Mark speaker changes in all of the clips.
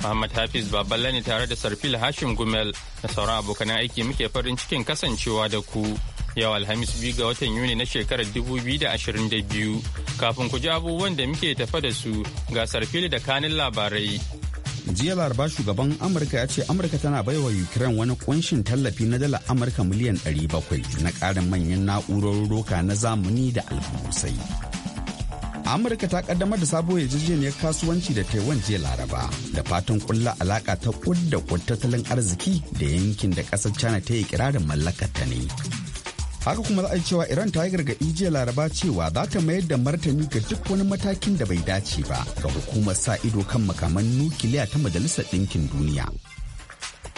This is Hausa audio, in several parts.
Speaker 1: Muhammad Hafiz Baballe ne tare da Sarfil Hashim Gumel da sauran abokan aiki muke farin cikin kasancewa da ku. Yau Alhamis biyu ga watan Yuni na shekarar 2022 kafin ku ji abubuwan da muke tafa da su ga Sarfil da kanin labarai. Jiya
Speaker 2: Laraba shugaban Amurka ya ce Amurka tana baiwa Ukraine wani kunshin tallafi na dala Amurka miliyan 700 na ƙarin manyan na'urorin roka na zamani da albusai. amurka ta kaddamar da sabuwar yarjejeniyar kasuwanci da taiwan jiya laraba da fatan kulla alaka ta kudda kud tattalin arziki da yankin da kasar china ta yi kirarin mallakar ta ne haka kuma za a yi cewa iran ta yi gargaɗi jiya laraba cewa za ta mayar da martani ga duk wani matakin da bai dace ba ga hukumar sa ido kan makaman nukiliya ta majalisar ɗinkin duniya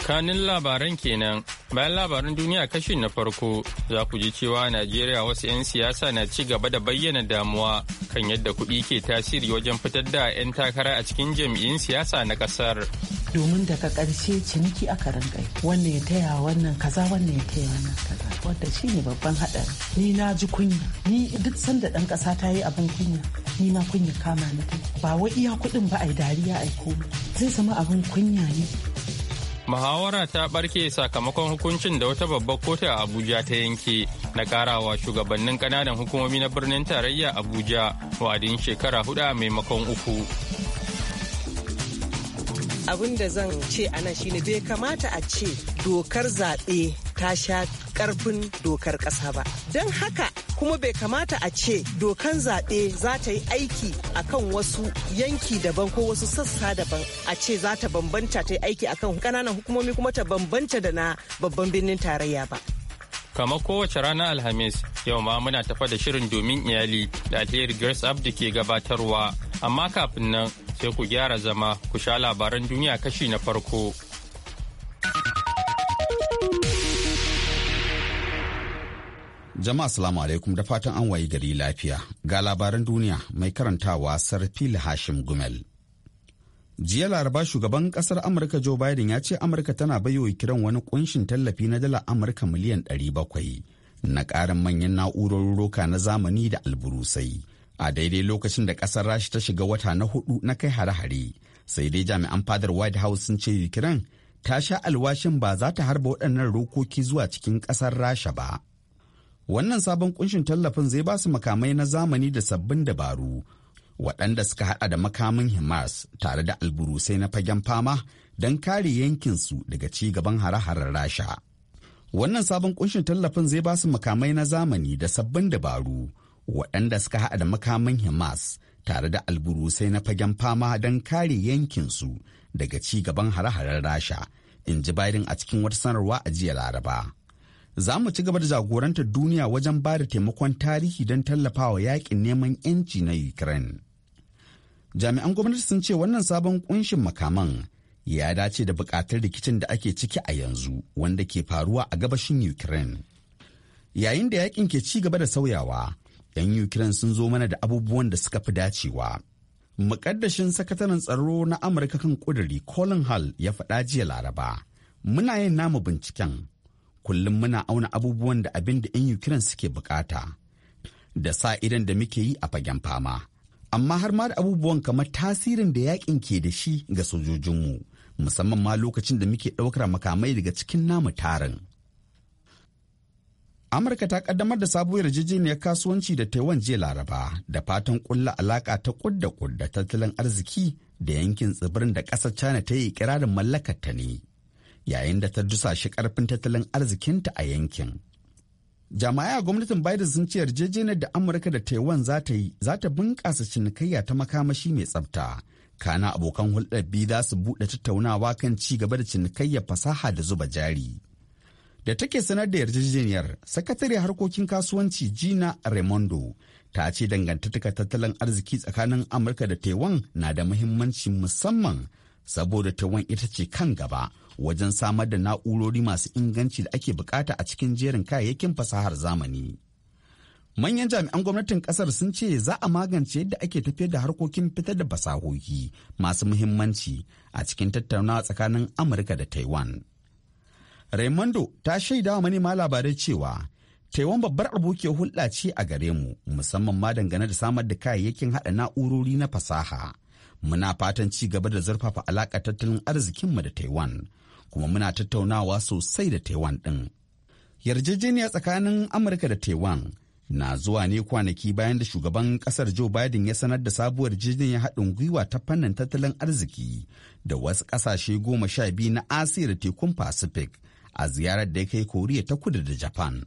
Speaker 1: Kanin labaran kenan bayan labaran duniya kashin na farko za ku ji cewa Najeriya wasu 'yan siyasa na ci gaba da bayyana damuwa kan yadda kuɗi ke tasiri wajen fitar da 'yan takara a cikin jam'iyyun siyasa na ƙasar.
Speaker 3: Domin daga ƙarshe ciniki aka rinka wannan ya taya wannan kaza wannan ya taya wannan kaza wanda shi ne babban haɗari. Ni na ji kunya ni duk sanda ɗan ƙasa ta yi abin kunya ni ma kunya kama na ba wai iya kuɗin ba a yi dariya a yi komai zai zama abin kunya ne
Speaker 1: Muhawara ta barke sakamakon hukuncin da wata babbar kotu a Abuja ta yanke na karawa shugabannin kananan hukumomi na birnin tarayya Abuja wa'adin shekara hudu a maimakon uku.
Speaker 3: Abin da zan ce a nan shine bai kamata a ce dokar zaɓe ta sha karfin dokar ƙasa ba. Don haka kuma bai kamata a ce dokan zaɓe za ta yi aiki akan wasu yanki daban ko wasu sassa daban a ce za ta bambanta ta yi aiki akan ƙananan hukumomi kuma ta bambanta da na babban birnin tarayya ba.
Speaker 1: kamar kowace rana alhamis yau ma muna tafa da shirin domin iyali da alheri grace abdi ke gabatarwa amma kafin nan sai ku gyara zama ku sha labaran duniya kashi na farko.
Speaker 2: Jama'a salamu alaikum da fatan an wayi gari lafiya ga labaran duniya mai karantawa Sarfil Hashim Gumel. Jiya laraba shugaban kasar Amurka Joe Biden ya ce Amurka tana baiwa kiran wani kunshin tallafi na dala Amurka miliyan 700 na ƙarin manyan na'urorin roka na zamani da alburusai. A daidai lokacin da kasar Rashi ta shiga wata na hudu na kai hare-hare, sai dai jami'an fadar White House sun ce kiran ta sha alwashin ba za ta harba waɗannan rokoki zuwa cikin ƙasar Rasha ba. Wannan sabon kunshin tallafin zai ba su makamai na zamani da sabbin dabaru waɗanda suka haɗa da makamin HIMARS tare da alburusai na fagen fama don kare yankinsu daga ci gaban hare-haren Rasha. Wannan sabon kunshin tallafin zai ba su makamai na zamani da sabbin dabaru waɗanda suka haɗa da makamin HIMARS tare da alburusai na fagen fama don kare yankinsu daga ci gaban hare-haren Rasha, in ji Biden a cikin wata sanarwa a jiya Laraba. za mu ci gaba da jagorantar duniya wajen ba da taimakon tarihi don tallafawa yakin neman 'yanci na ukraine jami'an gwamnati sun ce wannan sabon kunshin makaman ya dace da bukatar rikicin da ake ciki a yanzu wanda ke faruwa a gabashin ukraine yayin da yakin ke ci gaba da sauyawa 'yan ukraine sun zo mana da abubuwan da suka fi dacewa mukaddashin sakataren tsaro na amurka kan kudiri colin hall ya faɗa jiya laraba muna yin namu binciken kullum muna auna abubuwan da abin da 'yan Ukraine suke bukata da sa idan da muke yi a fagen fama. Amma har ma da abubuwan kamar tasirin da yakin ke da shi ga sojojinmu, musamman ma lokacin da muke ɗaukar makamai daga cikin namu tarin. Amurka ta kaddamar da sabuwar yarjejeniyar kasuwanci da Taiwan jiya Laraba da fatan kulla alaka ta kudda kudda tattalin arziki da yankin tsibirin da ƙasar China ta yi kirarin mallakar ta ne. yayin da ta shi karfin tattalin arzikinta a yankin. Jama'a gwamnatin Biden sun ce yarjejeniyar da Amurka da Taiwan za ta yi za ta bunƙasa cinikayya ta makamashi mai tsafta. Kana abokan hulɗar biyu za su buɗe tattaunawa kan ci gaba da cinikayya fasaha da zuba jari. Da take sanar da yarjejeniyar, sakatare harkokin kasuwanci Gina Raimondo ta ce dangantaka tattalin arziki tsakanin Amurka da Taiwan na da muhimmanci musamman saboda Taiwan ita ce kan gaba wajen samar da na'urori masu inganci da ake bukata a cikin jerin kayayyakin fasahar zamani. Manyan jami'an gwamnatin kasar sun ce za a magance yadda ake tafiyar da harkokin fitar da fasahohi masu muhimmanci a cikin tattaunawa tsakanin Amurka da Taiwan. Raimondo ta shaidawa manema labarai cewa Taiwan babbar abokiyar hulɗa ce a gare mu musamman ma dangane da samar da kayayyakin haɗa na'urori na fasaha. Muna fatan ci gaba da zurfafa alaƙa tattalin arzikinmu da Taiwan kuma muna tattaunawa sosai da Taiwan ɗin. Yarjejeniya tsakanin Amurka da Taiwan na zuwa ne kwanaki bayan da shugaban kasar Joe Biden ya sanar da sabuwar jirgin haɗin gwiwa ta fannin tattalin arziki da wasu ƙasashe goma sha biyu na Asiya da tekun Pacific a ziyarar da ya kai Koriya ta kudu da Japan.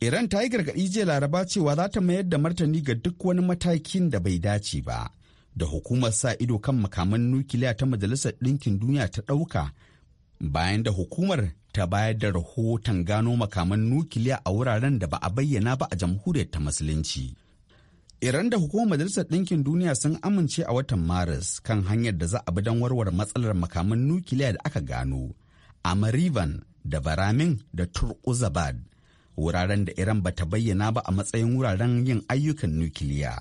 Speaker 2: Iran ta yi gargaɗi jiya laraba cewa za ta mayar da martani ga duk wani matakin da bai dace ba da hukumar sa ido kan makaman nukiliya ta majalisar ɗinkin duniya ta ɗauka bayan da hukumar ta bayar da rahoton gano makaman nukiliya a wuraren da ba a bayyana ba a jamhuriyar ta musulunci iran da hukumar majalisar ɗinkin duniya sun amince a watan maris kan hanyar da za a bi don warware matsalar makaman nukiliya da aka gano a marivan da baramin da turkuzabad wuraren da iran ba ta bayyana ba a matsayin wuraren yin ayyukan nukiliya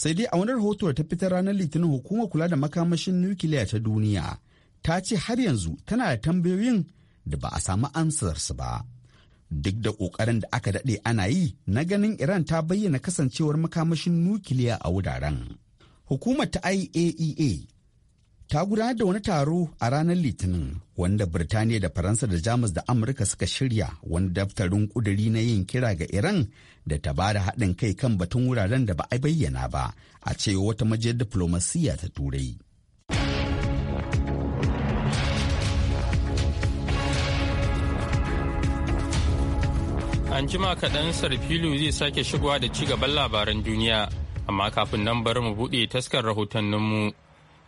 Speaker 2: sai dai a wani rahoto da ta fitar ranar litinin hukumar kula da makamashin nukiliya ta duniya ta ce har yanzu tana da tambayoyin da ba a samu ansarsu ba duk da ƙoƙarin da aka daɗe ana yi na ganin iran ta bayyana kasancewar makamashin nukiliya a wuraren hukumar ta iaea e ta gudanar da wani taro a ranar litinin wanda birtaniya da faransa da jamus da amurka suka shirya wani daftarin kuduri na yin kira ga iran da ta ba da haɗin kai kan batun wuraren da ba a bayyana ba a cewa wata majiyar diplomasiya ta turai
Speaker 1: an jima kaɗan sarfilu zai sake shigowa da ci gaban labaran duniya amma kafin nan bari mu buɗe taskar rahotanninmu.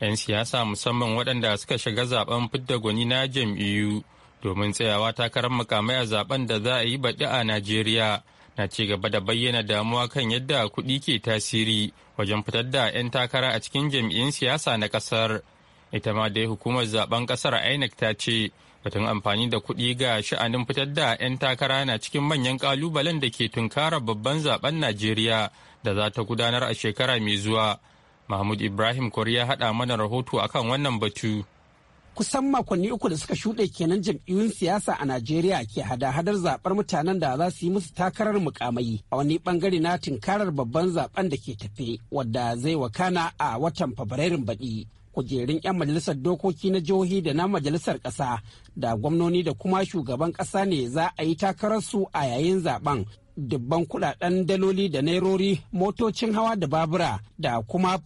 Speaker 1: 'yan siyasa musamman waɗanda suka shiga zaben fidda gwani na jam'iyyu domin tsayawa takarar mukamai a zaben da za a yi baɗi a najeriya na ci gaba da bayyana damuwa kan yadda kuɗi ke tasiri wajen fitar da 'yan takara a cikin jam'iyyun siyasa na ƙasar ita ma dai hukumar zaben ƙasar inec ta ce batun amfani da kuɗi ga sha'anin fitar da 'yan takara na cikin manyan ƙalubalen da ke tunkara babban zaben najeriya da za ta gudanar a shekara mai zuwa Mahmud Ibrahim kore ya haɗa mana rahoto a kan wannan batu.
Speaker 4: Kusan makonni uku da suka shuɗe kenan jam'iyyun siyasa a Najeriya ke hada-hadar zaɓar mutanen da za su yi musu takarar mukamai a wani bangare na tinkarar babban zaben da ke tafe wadda zai wakana a watan Fabrairun baɗi. kujerun 'yan majalisar dokoki na jihohi da na majalisar ƙasa da gwamnoni da kuma shugaban ƙasa ne za a yi takararsu a yayin zaben dubban kudaden daloli da nairori motocin hawa da babura da kuma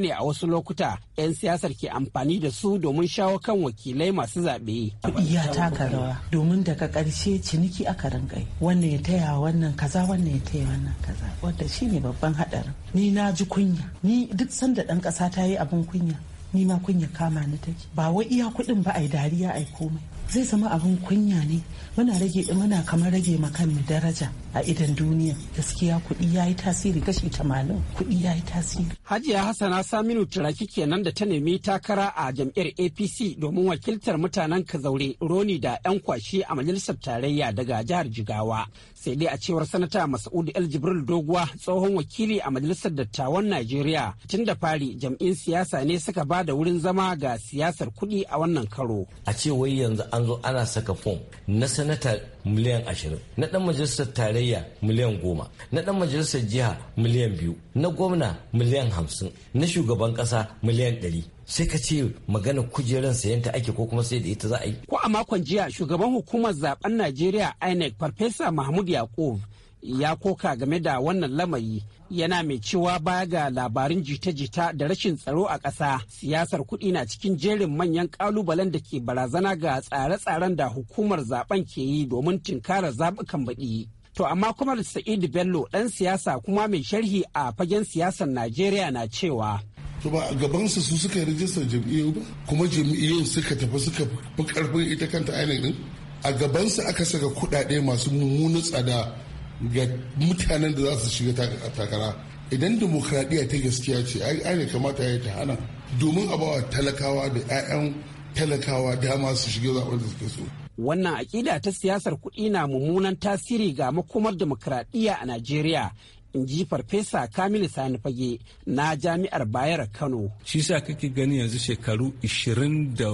Speaker 4: ne a wasu lokuta 'yan siyasar ke amfani da su domin shawo kan wakilai masu zaɓe. kuɗi ya taka rawa
Speaker 3: domin daga ƙarshe ciniki aka rinƙai wannan ya taya wannan kaza wannan ya taya wannan kaza wanda shine babban haɗarin ni na ji kunya ni duk sanda ɗan ƙasa ta yi abin kunya ni ma kunya kama ni take ba wai iya kuɗin ba a yi dariya ai komai zai zama abin kunya ne muna rage muna kamar rage makan daraja a idan duniya gaskiya kuɗi yi tasiri kashi 80 kuɗi yi tasiri
Speaker 4: Hajiya Hassana Saminu Turaki kenan da ta nemi takara a jam'iyyar APC domin wakiltar mutanen Kazaure Roni da 'yan kwashi a majalisar tarayya daga jihar Jigawa sai dai a cewar sanata masaudu El Jibril Doguwa tsohon wakili a majalisar dattawan Najeriya tun da fari jam'in siyasa ne suka ba da wurin zama ga siyasar kuɗi a wannan karo a ce wai yanzu an zo ana saka fom na sanata miliyan
Speaker 5: ashirin na dan majalisar tarayya miliyan goma na dan majalisar jiha miliyan biyu na
Speaker 4: gwamna miliyan hamsin na shugaban kasa miliyan ɗari sai ka ce magana kujeran sayanta ake ko kuma sai da ita za a yi. Ko a makon jiya shugaban hukumar zaben Najeriya INEC Farfesa Mahmud Yakub ya koka game da wannan lamari yana mai cewa baya ga labarin jita-jita da rashin tsaro a ƙasa siyasar kuɗi na cikin jerin manyan ƙalubalen da ke barazana ga tsare-tsaren da hukumar zaben ke yi domin tunkarar zaɓukan baɗi. To amma kuma Sa'idu Bello ɗan siyasa kuma mai sharhi a fagen siyasar Najeriya na cewa. To ba a gabansa su suka yi rijistar jam'iyyu ba kuma jam'iyyu suka tafi suka fi karfin ita kanta ainihin a gabansu aka saka kuɗaɗe masu mummunan tsada ga mutanen da za su shiga takara idan demokradiyya ta gaskiya ce ai ne kamata ya ta hana domin a bawa talakawa da 'ya'yan talakawa dama su shiga zaɓen da suke so wannan aƙida ta siyasar kuɗi na mummunan tasiri ga makomar demokradiyya a najeriya in ji farfesa kamilu sani fage na jami'ar bayar kano
Speaker 5: shi sa kake gani yanzu shekaru 20 da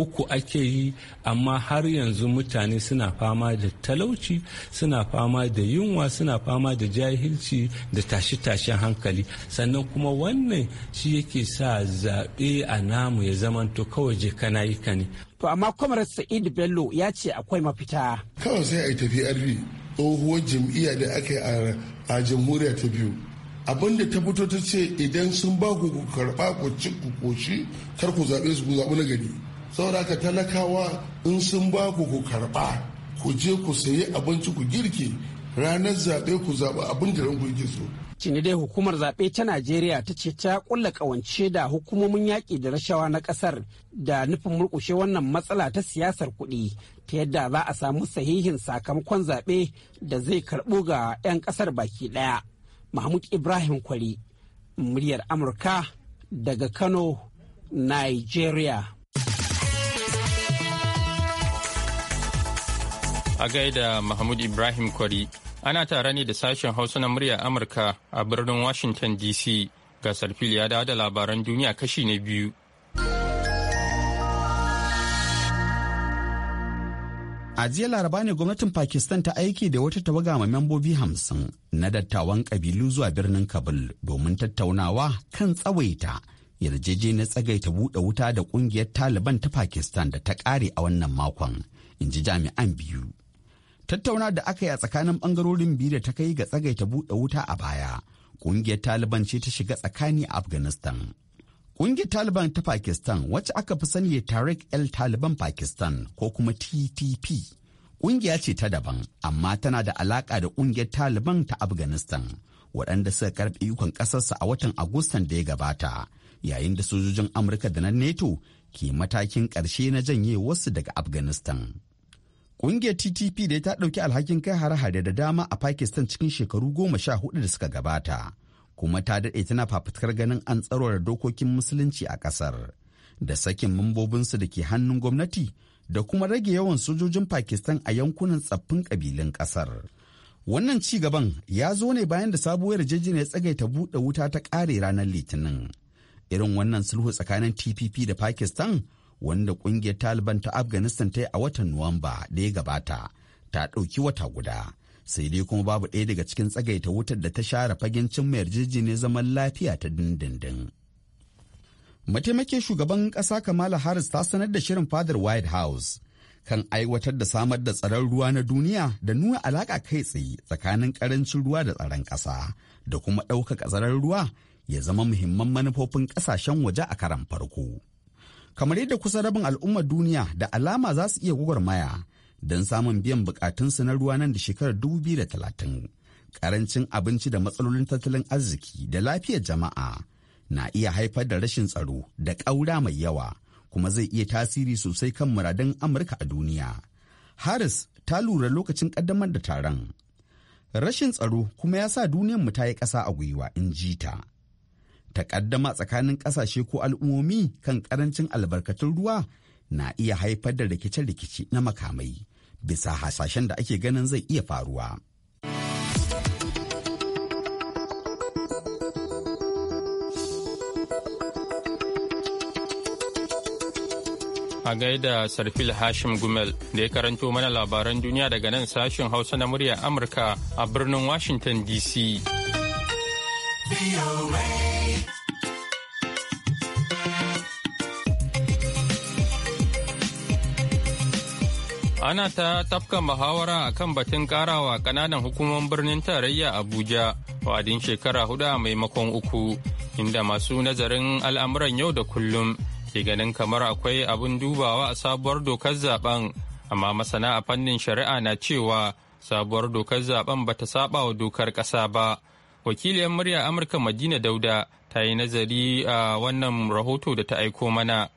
Speaker 5: uku ake yi amma har yanzu mutane suna fama da talauci suna fama da yunwa suna fama da jahilci da tashi-tashen hankali
Speaker 4: sannan kuma wannan shi yake sa zaɓe a namu ya zamanto kawai je kana yi ka ne. to amma kwamar sa'id bello ya ce akwai mafita kawai sai a yi tafi arbi tsohuwar jam'iyya da aka yi a jamhuriya ta biyu abin da ta fito ta ce idan sun ba ku karɓa ku ci ku koshi kar ku zaɓe su ku zaɓi na gari saboda ka talakawa in sun ba ku ku karba ku je ku sayi abinci ku girki ranar zaɓe ku zaɓi abin da ranku yake so. Cini dai hukumar zaɓe ta Najeriya ta ce ta ƙulla ƙawance da hukumomin yaƙi da rashawa na ƙasar da nufin murƙushe wannan matsala ta siyasar kuɗi ta yadda za a samu sahihin sakamakon zaɓe da zai karɓo ga 'yan ƙasar baki ɗaya. Mahmud Ibrahim Kwari, muryar Amurka daga Kano, Nigeria.
Speaker 1: A gaida Mahmud Ibrahim Kwari, ana tare ne da sashen Hausa na murya Amurka a birnin Washington DC. Ga Sarfili ya da labaran duniya kashi na biyu.
Speaker 2: A jiya laraba ne gwamnatin Pakistan ta aiki da wata tawaga ma membobi hamsin na dattawan kabilu zuwa birnin Kabul domin tattaunawa kan tsawaita yarjejeniyar tsagaita buɗe wuta da ƙungiyar Taliban ta Pakistan da ta ƙare a wannan makon, in ji jami'an biyu. tattauna da aka yi a tsakanin bangarorin biyu da ta kai ga tsagaita buɗe wuta a baya ƙungiyar taliban ce ta shiga tsakani a afghanistan ƙungiyar taliban ta pakistan wacce aka fi sani tarek el taliban pakistan ko kuma ttp ƙungiya ce ta daban amma tana da alaƙa da ƙungiyar taliban ta afghanistan waɗanda suka karɓi ikon ƙasarsa a watan agustan da ya gabata yayin da sojojin amurka da na neto ke matakin ƙarshe na janye wasu daga afghanistan Ƙungiyar TTP da ta ɗauki alhakin kai hare-hare da dama a Pakistan cikin shekaru goma sha hudu da suka gabata, kuma ta daɗe tana fafutukar ganin an da dokokin musulunci a ƙasar, da sakin mambobinsu da ke hannun gwamnati da kuma rage yawan sojojin Pakistan a yankunan tsaffin ƙabilun ƙasar. Wannan ci gaban ya zo ne bayan da sabuwar yarjejeniyar ta buɗe wuta ta ƙare ranar Litinin. Irin wannan sulhu tsakanin TPP da Pakistan wanda kungiyar taliban ta afghanistan ta yi a watan nuwamba da ya gabata ta ɗauki wata guda sai dai kuma babu ɗaya daga cikin tsagaita wutar da ta share fagen cin mayar jirjini zaman lafiya ta dindindin mataimakin shugaban ƙasa kamala harris ta sanar da shirin fadar white house kan aiwatar da samar da tsaron ruwa na duniya da nuna alaƙa kai tsaye tsakanin ƙarancin ruwa da tsaron ƙasa da kuma ɗaukaka tsaron ruwa ya zama muhimman manufofin ƙasashen waje a karan farko. kamar yadda kusa rabin al'ummar duniya da alama za su iya gwagwarmaya don samun biyan bukatunsu na ruwa nan da shekarar talatin. Karancin abinci da matsalolin tattalin arziki da lafiyar jama'a na iya haifar da rashin tsaro da ƙaura mai yawa kuma zai iya tasiri sosai kan muradun Amurka a duniya. Harris ta lura lokacin ƙaddamar da taron. Rashin tsaro kuma ya sa duniyarmu ta yi ƙasa a gwiwa in ji ta. takaddama tsakanin ƙasashe ko al'ummomi kan ƙarancin albarkatun ruwa na iya haifar da rikice-rikice na makamai bisa hasashen da ake ganin zai iya faruwa.
Speaker 1: A gaida Sarfil Hashim Gumel da ya karanto mana labaran duniya daga nan sashen Hausa na muryar Amurka a birnin Washington DC. Ana ta tafka muhawara a kan batun karawa kananan hukumomin birnin tarayya Abuja wadin shekara hudu a maimakon uku, inda masu nazarin al'amuran yau da kullum ke ganin kamar akwai abin dubawa a sabuwar dokar zaben, amma masana a fannin shari'a na cewa sabuwar dokar zaben bata saba wa dokar ƙasa ba, wakiliyar murya amurka madina dauda ta yi nazari a wannan rahoto da ta aiko mana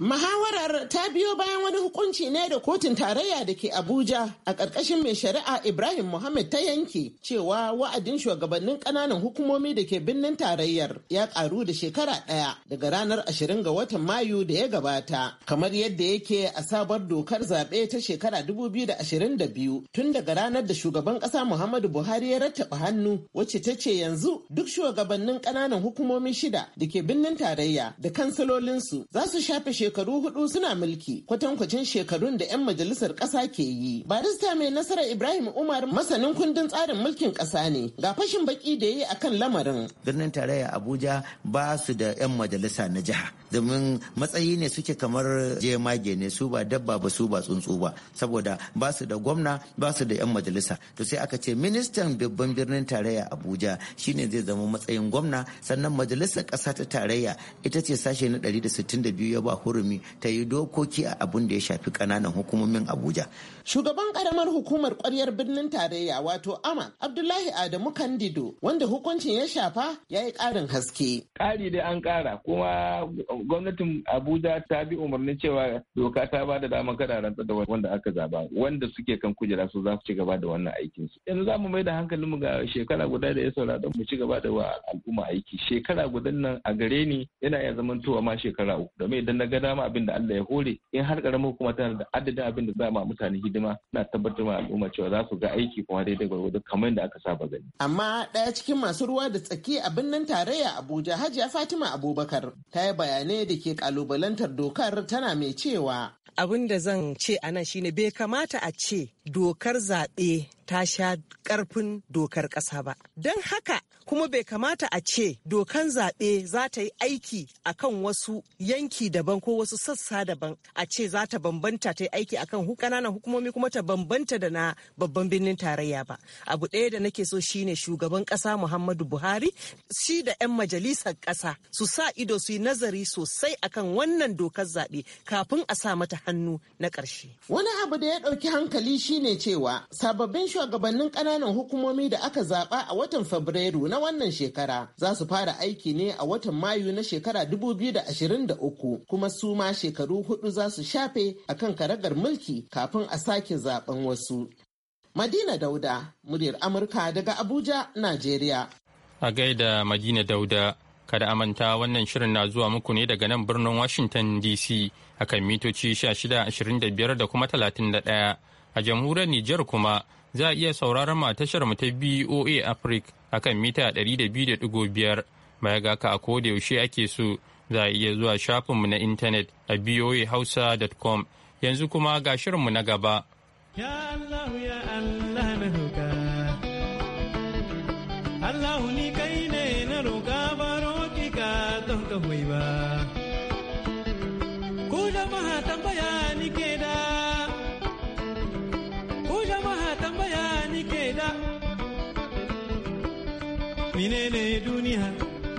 Speaker 6: Mahawarar ta biyo bayan wani hukunci ne da kotun tarayya da ke Abuja a ƙarƙashin mai shari'a Ibrahim Muhammad ta yanke cewa wa'adin shugabannin ƙananan hukumomi da ke birnin tarayyar ya ƙaru da shekara ɗaya daga ranar ashirin ga watan Mayu da ya gabata kamar yadda yake a sabar dokar zaɓe ta shekara da ashirin biyu, tun daga ranar da shugaban ƙasa Muhammadu Buhari ya rattaba hannu wacce ta ce yanzu duk shugabannin ƙananan hukumomi shida da ke birnin tarayya da kansilolinsu za su shafe shekaru hudu suna mulki kwatankwacin shekarun da 'yan majalisar ƙasa ke yi. Barista mai nasarar Ibrahim Umar masanin kundin tsarin mulkin ƙasa ne ga fashin baki da ya yi a kan lamarin. Birnin tarayya Abuja ba su da 'yan majalisa na jiha domin matsayi ne suke kamar jemage ne su ba dabba ba su ba tsuntsu ba saboda ba su da gwamna ba su da 'yan majalisa to sai aka ce ministan babban birnin tarayya Abuja shine zai zama matsayin gwamna sannan majalisar ƙasa ta tarayya ita ce sashe na 162 ya ba hurumi ta yi dokoki a abin da ya shafi ƙananan hukumomin abuja Shugaban karamar hukumar kwaryar birnin tarayya wato Aman Abdullahi Adamu Kandido wanda hukuncin ya shafa ya yi ƙarin haske. Ƙari dai an
Speaker 4: kara
Speaker 5: kuma gwamnatin Abuja ta bi umarnin cewa doka ta ba da damar kada rantsar da wanda aka zaba wanda suke kan kujera su za su ci gaba da wannan aikin su. Yanzu za mu mai da hankalin mu ga shekara guda da ya saura don mu ci gaba da al'umma aiki. Shekara gudan nan a gare ni yana iya zamantowa ma shekara uku domin idan na ga dama abin da Allah ya hore in har karamar hukuma tana da adadin abin da za a mutane hidima. hidima na tabbatar ma al'umma cewa za su ga aiki kuma daidai gwargwado kamar da aka saba gani.
Speaker 6: Amma ɗaya cikin masu ruwa da tsaki a birnin tarayya Abuja Hajiya Fatima Abubakar ta yi bayanai da ke kalubalantar dokar tana mai
Speaker 3: cewa. Abin da zan ce a nan shine bai kamata a ce dokar zaɓe ta sha ƙarfin dokar ƙasa ba. Don haka kuma bai kamata a ce dokan zaɓe za ta yi aiki a kan wasu yanki daban ko wasu sassa daban a ce za ta bambanta ta yi aiki akan ƙananan hukumomi kuma ta bambanta da na babban birnin tarayya ba abu ɗaya da nake so shine shugaban ƙasa muhammadu buhari shi da 'yan majalisar ƙasa su sa ido su yi nazari sosai akan wannan dokar zaɓe kafin a sa mata hannu na ƙarshe
Speaker 6: wani abu da ya ɗauki hankali shine cewa sababbin shugabannin ƙananan hukumomi da aka zaɓa a watan fabrairu na wannan shekara za su fara aiki ne a watan Mayu na shekara 2023 kuma su ma shekaru hudu za su shafe a akan karagar mulki kafin a sake zaben wasu. Madina Dauda, muryar Amurka daga Abuja, Najeriya.
Speaker 1: A gaida Madina Dauda, kada amanta wannan shirin na zuwa muku ne daga nan birnin Washington DC akan mitoci 1625 da kuma 31 a jamhuriyar Nijar kuma za a iya sauraron mu a tashar mu ta BOA Africa akan mita 200.5 baya ga ka a koda yaushe ake so za a iya zuwa shafin mu na intanet a voahausa.com yanzu kuma ga shirin mu na gaba.
Speaker 5: Ya Allah ya Allah na roƙa. Allah ni kai ne na roƙa ba roƙi ka don ka hoyi ba. Ku jama'a tambaya ni ke da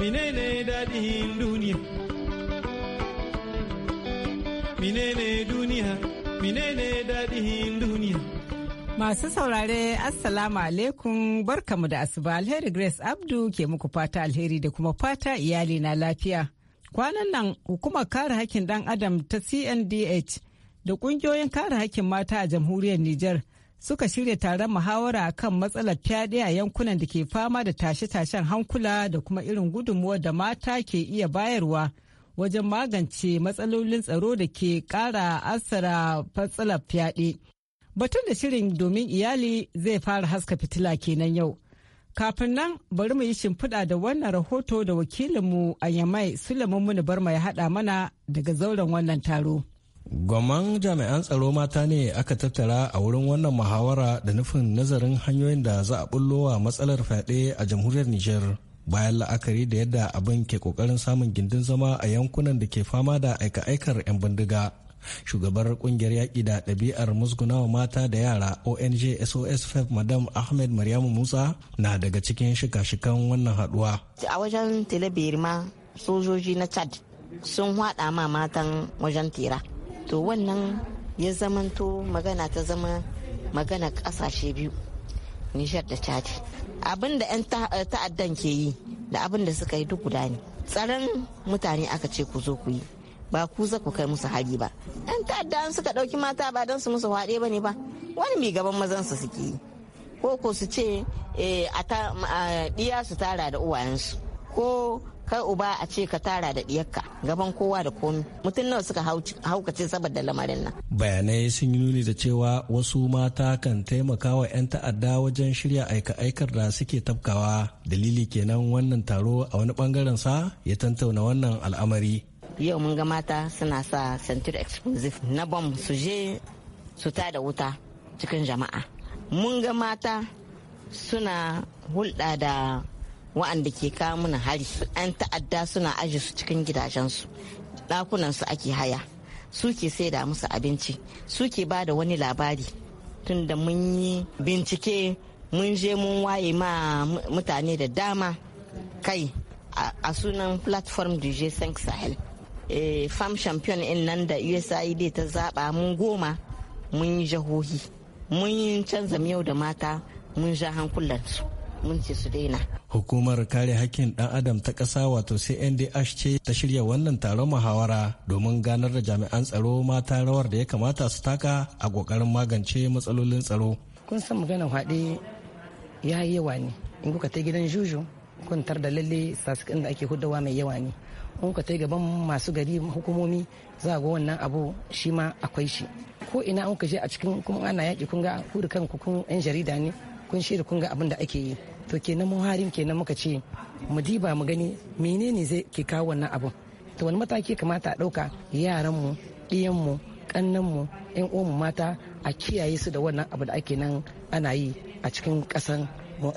Speaker 5: Minene daɗin duniya
Speaker 7: Masu saurare Assalamu alaikum barkamu da asuba alheri Grace Abdu ke muku fata alheri da kuma fata iyali na lafiya. Kwanan nan hukumar kare hakkin ɗan adam ta CNDH da ƙungiyoyin kare hakkin mata a jamhuriyar Nijar suka shirya taron muhawara kan matsalar fyaɗe a yankunan da ke fama da tashe-tashen hankula da kuma irin gudunmuwar da mata ke iya bayarwa wajen magance matsalolin tsaro da ke ƙara asara matsalar fyaɗe. Batun da shirin domin iyali zai fara haska fitila kenan yau. Kafin nan bari mu yi shimfiɗa da wannan rahoto da wakilinmu a Yamai Sulaiman Muni Barma ya haɗa mana daga zauren wannan taro.
Speaker 5: Gwamman jami'an tsaro mata ne aka tattara a wurin wannan muhawara da nufin nazarin hanyoyin da za a bullo wa matsalar fyaɗe a jamhuriyar Nijar. Bayan la'akari da yadda abin ke kokarin samun gindin zama a yankunan da ke fama da aika-aikar 'yan bindiga. Shugabar kungiyar yaƙi da ɗabi'ar musgunawa mata da yara ONG SOS FEF Madam Ahmed Maryamu Musa na daga cikin shika-shikan wannan haɗuwa.
Speaker 8: A wajen Telebirma sojoji na Chad sun haɗa ma matan wajen tera. to wannan ya zamanto magana ta zama magana kasashe biyu nishar da chaji abin da 'yan eh, ta'addan ke yi da abin da suka yi duk guda ne tsaron mutane aka ce ku zo ku yi ba ku za ku kai musu hari ba 'yan ta'adda suka ɗauki mata ba don su musu haɗe ba ne ba wani mai gaban mazan su suke yi ko ko su ce eh, a eh, ɗiya su tara da uwayensu ko kai uba a ce ka tara da diyarka gaban kowa da komi mutum nawa suka haukace saboda lamarin nan
Speaker 5: bayanai sun yi nuni da cewa wasu mata kan taimaka wa 'yan ta'adda wajen shirya aika-aikar da suke tafkawa dalili kenan wannan taro a wani bangaren sa ya tantauna wannan al'amari
Speaker 8: yau mun ga mata suna sa centur explosive na bom su je su ta da wuta cikin jama'a mun ga mata suna hulɗa da Waɗanda ke kawo mana hari yan ta'adda suna aji su cikin gidajensu ɗakunansu ake haya suke ke sai da musu abinci su ke ba da wani labari tunda da mun yi bincike mun je mun waye ma mutane da dama kai a sunan platform du 5 Sahel. Eh, farm champion in nan da USAID ta zaba mun goma mun yi jahohi mun yi canza yau da mata mun ja hankulansu mun su daina.
Speaker 5: Hukumar kare hakkin ɗan Adam ta ƙasa wato CNDH ce ta shirya wannan taron muhawara domin ganar da jami'an tsaro mata rawar da ya kamata su taka a ƙoƙarin magance matsalolin tsaro.
Speaker 7: Kun san maganar haɗe ya yi yawa ne in kuka ta gidan juju kun tar da lalle sasikin da ake hudawa mai yawa ne in kuka ta gaban masu gari hukumomi za ga wannan abu shi ma akwai shi ko ina kuka je a cikin kuma ana yaƙi kun ga kan kanku kun 'yan jarida ne kun shirya kun ga abin da ake yi to kenan mun harin kenan muka ce mu diba mu gani menene zai ke kawo wannan abun to wani mataki kamata a ɗauka yaranmu mu. kannanmu yan uwanmu mata a kiyaye su da wannan abu da ake nan ana yi a cikin kasan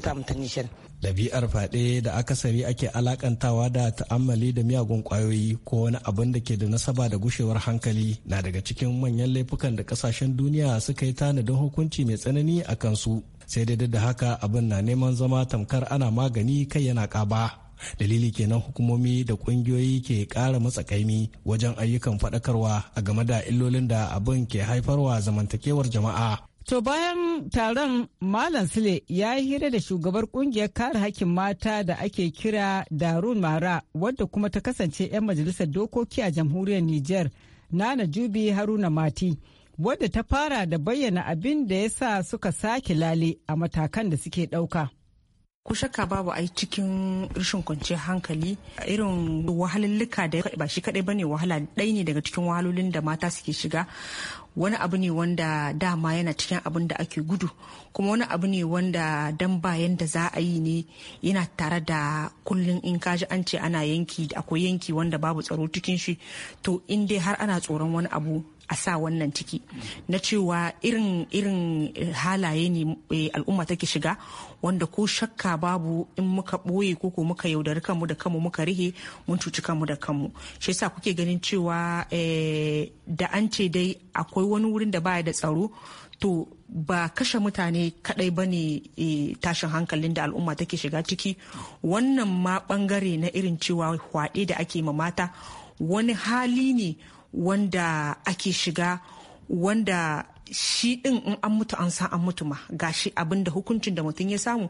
Speaker 7: ta nishar
Speaker 5: ɗabi'ar faɗe da akasari ake alakantawa da ta'ammali da miyagun ƙwayoyi ko wani abin da ke da nasaba da gushewar hankali na daga cikin manyan laifukan da ƙasashen duniya suka yi tanadin hukunci mai tsanani a kansu sai dai da haka abin na neman zama tamkar ana magani kai yana ƙaba dalili kenan hukumomi da kungiyoyi ke ƙara matsakaimi wajen ayyukan faɗakarwa a game da illolin da abin ke haifarwa zamantakewar jama'a
Speaker 7: To bayan taron Malam Sule ya yi hira da shugabar kungiyar kare hakkin mata da ake kira Darun Mara wadda kuma ta kasance 'yan majalisar dokoki a jamhuriyar Nijar Nana Jubi Haruna Mati wadda ta fara da bayyana abin da ya sa suka sake lale a matakan da suke ɗauka. ko shakka babu ai cikin rashin kwanciyar hankali
Speaker 9: irin wahalallika da ba shi kadai bane wahala ɗaya ne daga cikin wahalolin da mata suke shiga wani abu ne wanda dama yana cikin abin da ake gudu kuma wani abu ne wanda dan bayan da za a yi ne yana tare da kullum in kaji an ce ana yanki akwai yanki wanda babu tsaro cikin shi to in dai har ana tsoron wani abu a sa wannan ciki na cewa irin irin eh, halaye ne eh, al'umma take shiga wanda ko shakka babu in muka ɓoye ko ko muka yaudari kanmu da kanmu muka rihe mun cuci kanmu da kanmu shi yasa kuke ganin cewa eh, da an ce dai akwai wani wurin da baya da tsaro to ba kashe mutane kadai ba ne tashin hankalin da al'umma take shiga ciki wannan ma bangare na irin cewa hwaɗe da ake ma mata wani hali ne wanda ake shiga wanda shi din in an mutu an san an mutu ma shi abin da hukuncin da mutum ya samu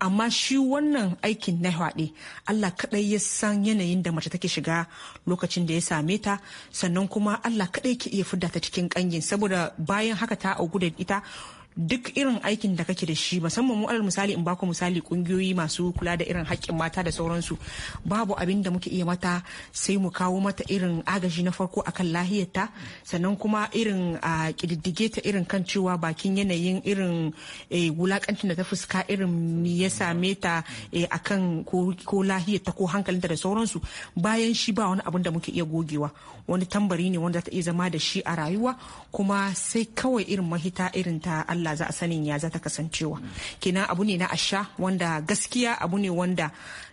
Speaker 9: amma shi wannan aikin na haɗe Allah kaɗai ya san yanayin da mace take shiga lokacin da ya same ta sannan kuma Allah kaɗai ke iya fidda ta cikin ƙangin saboda bayan haka ta auku da ita duk irin aikin da kake da shi musamman mu alal misali in baku misali kungiyoyi masu kula da irin haƙƙin mata da sauransu babu abin da muke iya mata sai mu kawo mata irin agaji na farko akan lahiyarta sannan kuma irin a kididdige ta irin kan cewa bakin yanayin irin eh, wulakancin da ta fuska irin me ya same ta eh, akan ko lahiyarta ko hankalinta da sauransu bayan shi ba wani abin da muke iya gogewa wani tambari ne wanda ta iya zama da shi a rayuwa kuma sai kawai irin mahita irin ta Allah Allah za a sanin ya za ta kasancewa kenan abu ne na asha wanda gaskiya abu ne wanda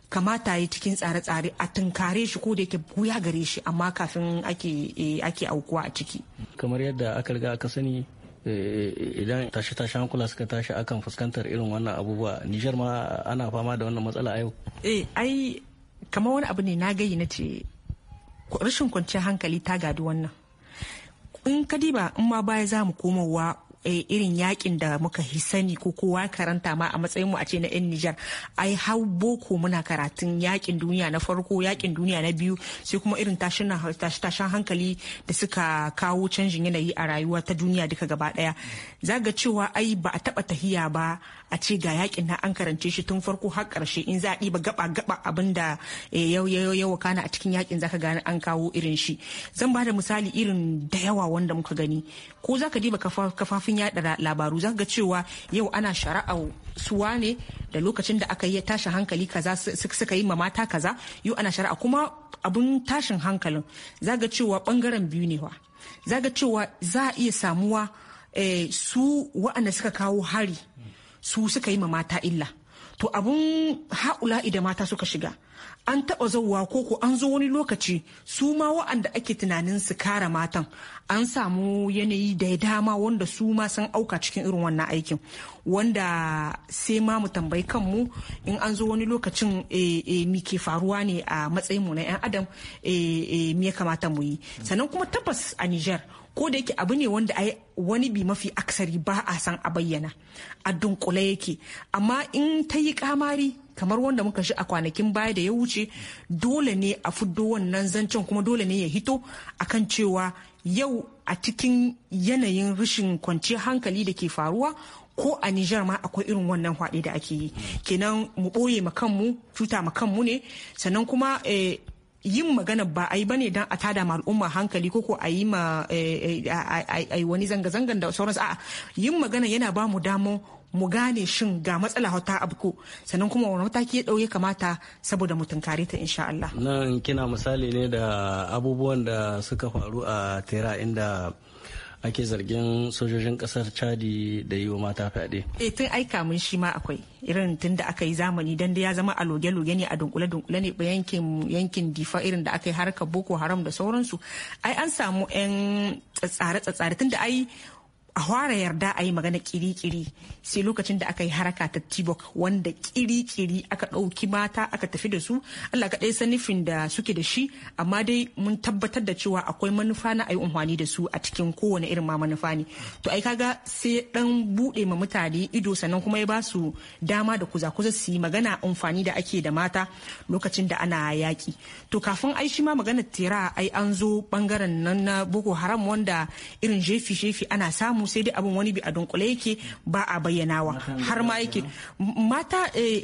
Speaker 9: kamata yi cikin tsare-tsare a tunkare shi ko da yake buya gare shi amma kafin ake eh, aukuwa a ciki
Speaker 5: kamar yadda aka riga aka sani eh, eh, idan tashe-tashe hankula suka tashi akan fuskantar irin
Speaker 9: wannan abubuwa nijar ma ana fama da wannan matsala a yau eh ai kamar wani abu ne na gayi na ce rashin kwanciyar hankali ta gadi wannan in ka diba in ma baya za mu komowa Eh, irin yakin da muka hi sani ko kowa karanta ma a matsayin mu a ce na yan Nijar ai hau boko muna karatun yakin duniya na farko yakin duniya na biyu sai kuma irin tashin hankali da suka kawo canjin yanayi a rayuwa ta duniya duka gaba daya zaga cewa ai ba a taba tahiya ba a ce ga yakin na an karance shi tun farko har karshe in za a ɗiba gaba gaba abin da eh, yau yau kana a cikin yakin zaka gane an kawo irin shi zan ba da misali irin da yawa wanda muka gani ko zaka diba kafafin kafofin yada labaru zan ga cewa yau ana shari'a suwa ne da lokacin da aka yi tashin hankali kaza suka yi ma mata kaza yau ana shara'a kuma abun tashin hankalin zaga cewa bangaren biyu ne wa zaga cewa za a iya samuwa eh, su wa'anda suka kawo hari su suka yi mamata mata illa to abun haƙula idan mata suka shiga an taɓa zauwa ko ko an zo wani lokaci su ma wa'anda ake tunanin su kara matan an samu yanayi da dama wanda su ma sun auka cikin irin wannan aikin wanda sai ma mu tambayi kanmu in an zo wani lokacin eh, eh, e, mi ke faruwa ne a matsayinmu na 'yan adam e, e, me ya kamata mu yi sannan kuma tabbas a Nijar ko da yake abu ne wanda ai wani bi mafi aksari ba a san a bayyana a dunkule yake amma in ta yi kamari kamar wanda muka shi a kwanakin baya da ya wuce dole ne a fuddo wannan zancen kuma dole ne ya hito akan cewa yau a cikin yanayin rashin kwanciyar hankali da ke faruwa ko a Nijar ma akwai irin wannan hwaɗe da ake yi kenan mu ɓoye makanmu kanmu cuta ma ne sannan kuma eh, yin magana ba a yi ba ne don a tada ma al'umma hankali ko a yi ma eh, eh, wani zanga-zangan da sauransu a yin magana yana ba mu damo mu gane shin ga matsala hota abko sannan kuma wani mataki ya ɗauke kamata saboda mu kare ta insha Allah.
Speaker 5: Nan kina misali ne da abubuwan da suka faru a tera inda ake zargin sojojin kasar chadi da yi wa mata fyaɗe.
Speaker 9: e tun aika mun shi ma akwai irin tun da aka yi zamani dan da ya zama a loge-loge ne a dunkule-dunkule ne yankin yankin difa irin da aka yi harkar boko haram da sauransu ai an samu 'yan tsare-tsare tun da ai a fara yarda a yi magana kiri-kiri sai lokacin da aka yi haraka ta tibok wanda kiri-kiri aka ɗauki mata aka tafi da su allah ka san nufin da suke da shi amma dai mun tabbatar da cewa akwai manufa na ayi unhwani da su a cikin kowane irin ma manufa ne to ai kaga sai dan buɗe ma mutane ido sannan kuma ya ba su dama da kuza-kuza su yi magana amfani da ake da mata lokacin da ana yaƙi to kafin ai shi ma magana tera ai an zo ɓangaren nan na boko haram wanda irin jefi-jefi ana samu samu sai dai abin wani bi a dunkule yake ba a bayyanawa har ma yake mata eh,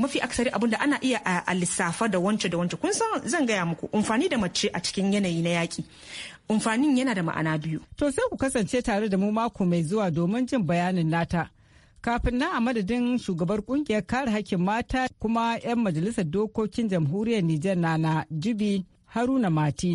Speaker 9: mafi aksari abin da ana iya a lissafa da wance da wance kun san zan gaya muku amfani da mace a cikin yanayi na yaki amfanin yana da
Speaker 7: ma'ana biyu to sai ku kasance tare da mu mako mai zuwa domin jin bayanin nata kafin na a madadin shugabar kungiyar kare hakkin mata kuma 'yan majalisar dokokin jamhuriyar nijar na na jibi haruna mati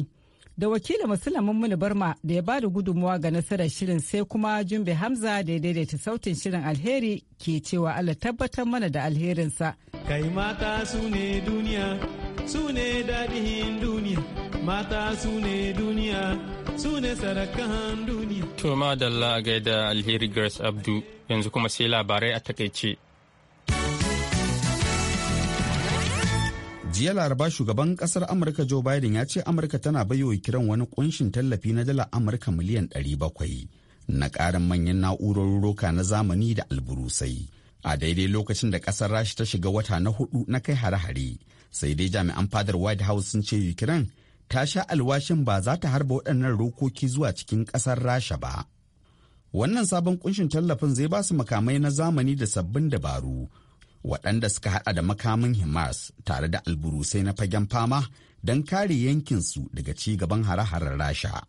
Speaker 7: da wakilin musulmin muni barma da ya bada gudunmuwa ga nasarar shirin sai kuma jumbe hamza da ya daidaita sautin shirin alheri ke cewa allah tabbatar mana da alherinsa
Speaker 5: kai mata su ne duniya su ne daɗin duniya mata su ne duniya su ne sarakan duniya
Speaker 1: to madalla gaida alheri grace abdu yanzu kuma sai labarai a takaice jiya laraba
Speaker 2: shugaban kasar amurka joe biden ya ce amurka tana baiwa kiran wani kunshin tallafi na dala amurka miliyan 700 na karin manyan na'urorin roka na zamani da alburusai a daidai lokacin da kasar rashi ta shiga wata na hudu na kai hare-hare sai dai jami'an fadar white house sun ce ukraine ta sha alwashin ba za ta harba waɗannan rokoki zuwa cikin kasar rasha ba wannan sabon kunshin tallafin zai ba su makamai na zamani da sabbin dabaru waɗanda suka haɗa da makamin himas tare da alburusai na fagen fama don kare yankinsu daga ci gaban hare-haren rasha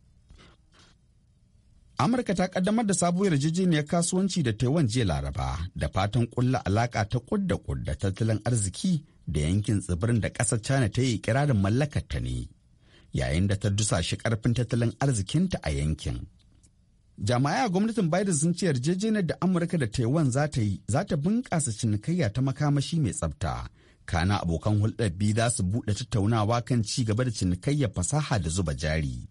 Speaker 2: amurka ta kaddamar da sabuwar yarjejeniyar kasuwanci da taiwan jiya laraba da fatan kulla alaka ta kudda kudda tattalin arziki da yankin tsibirin da ƙasar china ta yi kirarin ta ne yayin da ta dusashe ƙarfin tattalin arzikinta a yankin jami'ai a gwamnatin biden sun ce yarjejeniyar da amurka da taiwan za ta yi za ta bunƙasa cinikayya ta makamashi mai tsabta kana abokan hulɗar biyu za su buɗe tattaunawa kan ci gaba da cinikayyar fasaha da zuba jari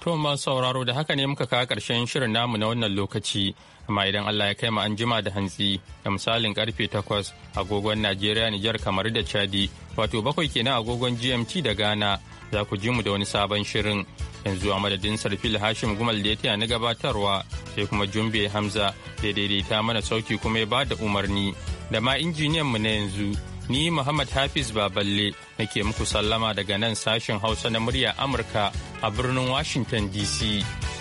Speaker 1: to man sauraro da haka ne muka kawo ƙarshen shirin namu na wannan lokaci amma idan allah ya kai mu an jima da hantsi da misalin karfe takwas agogon najeriya nijar kamar da chadi wato bakwai kenan agogon gmt da ghana za ku ji mu da wani sabon shirin yanzu a madadin sarfil hashim gumal da ya taya na gabatarwa sai kuma jumbe hamza da daidaita mana sauki kuma ya bada umarni da ma injiniyan mu na yanzu ni muhammad hafiz baballe nake muku sallama daga nan sashen hausa na murya amurka a birnin washington dc